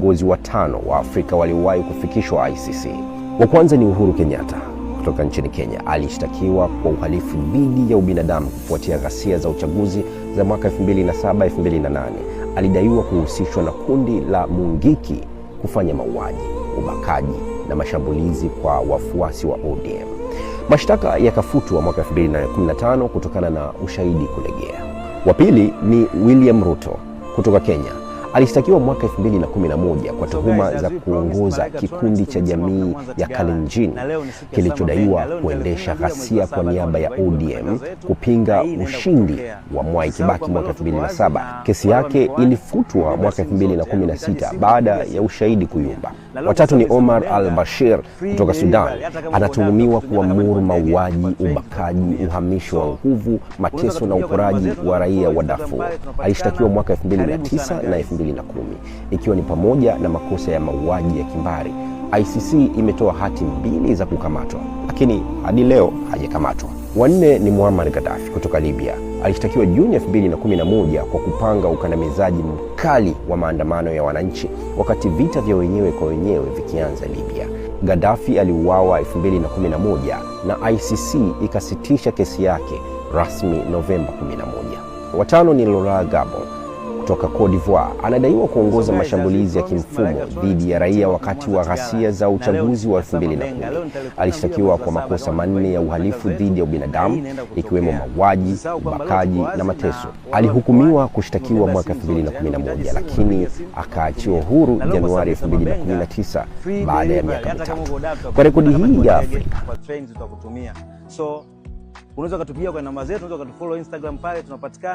viongozi watano wa Afrika waliowahi kufikishwa ICC. Wa kwanza ni Uhuru Kenyatta kutoka nchini Kenya. Alishtakiwa kwa uhalifu dhidi ya ubinadamu kufuatia ghasia za uchaguzi za mwaka 2007 2008. Alidaiwa kuhusishwa na kundi la Mungiki kufanya mauaji, ubakaji na mashambulizi kwa wafuasi wa ODM. Mashtaka yakafutwa mwaka 2015 kutokana na ushahidi kulegea. Wa pili ni William Ruto kutoka Kenya. Alishtakiwa mwaka 2011 kwa tuhuma za kuongoza kikundi cha jamii ya Kalenjin kilichodaiwa kuendesha ghasia kwa niaba ya ODM kupinga ushindi wa Mwai Kibaki mwaka 2007. Kesi yake ilifutwa mwaka 2016 baada ya ushahidi kuyumba. Watatu ni Omar al-Bashir kutoka Sudan, anatuhumiwa kuamuru mauaji, ubakaji, uhamisho wa nguvu, mateso na uporaji wa raia wa Darfur. Alishtakiwa mwaka 2009 na 2010 ikiwa ni pamoja na makosa ya mauaji ya kimbari. ICC imetoa hati mbili za kukamatwa, lakini hadi leo hajakamatwa. Wanne ni Muammar Gaddafi kutoka Libya alishtakiwa Juni 211 kwa kupanga ukandamizaji mkali wa maandamano ya wananchi wakati vita vya wenyewe kwa wenyewe vikianza Libya. gadafi aliuawa 211 na ICC ikasitisha kesi yake rasmi Novemba 11. Watano ni lora gabo kutoka Cote d'Ivoire anadaiwa kuongoza mashambulizi ya kimfumo dhidi ya raia wakati wa ghasia za uchaguzi wa 2010. Alishtakiwa kwa makosa manne ya uhalifu dhidi ya ubinadamu ikiwemo mauaji, ubakaji na mateso. Alihukumiwa kushtakiwa mwaka 2011 lakini akaachiwa huru Januari 2019 baada ya miaka mitatu. Kwa rekodi hii ya Afrika unaweza ukatupia kwa namba zetu, unaweza ukatufollow Instagram pale tunapatikana.